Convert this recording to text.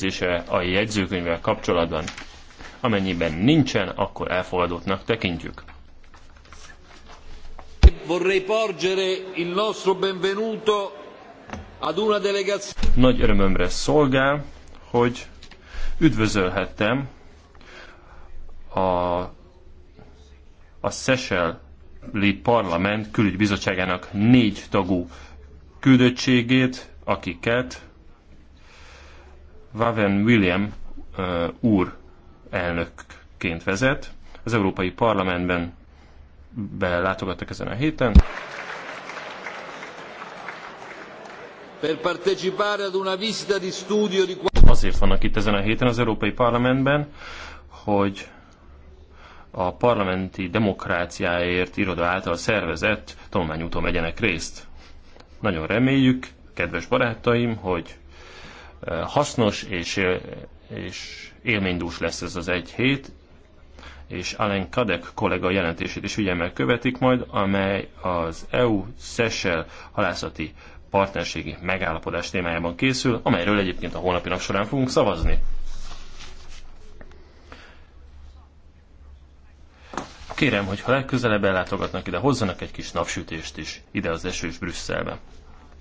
megjegyzése a jegyzőkönyvvel kapcsolatban. Amennyiben nincsen, akkor elfogadottnak tekintjük. Nagy örömömre szolgál, hogy üdvözölhettem a, a Szeseli Parlament külügybizottságának négy tagú küldöttségét, akiket Waven William úr elnökként vezet. Az Európai Parlamentben belátogattak ezen a héten. Azért vannak itt ezen a héten az Európai Parlamentben, hogy a parlamenti demokráciáért iroda által szervezett tanulmányúton vegyenek részt. Nagyon reméljük, kedves barátaim, hogy hasznos és, és élménydús lesz ez az egy hét, és Alen Kadek kollega jelentését is figyelmel követik majd, amely az EU-Szessel halászati partnerségi megállapodás témájában készül, amelyről egyébként a holnapi nap során fogunk szavazni. Kérem, hogy ha legközelebb ellátogatnak ide, hozzanak egy kis napsütést is ide az esős Brüsszelbe.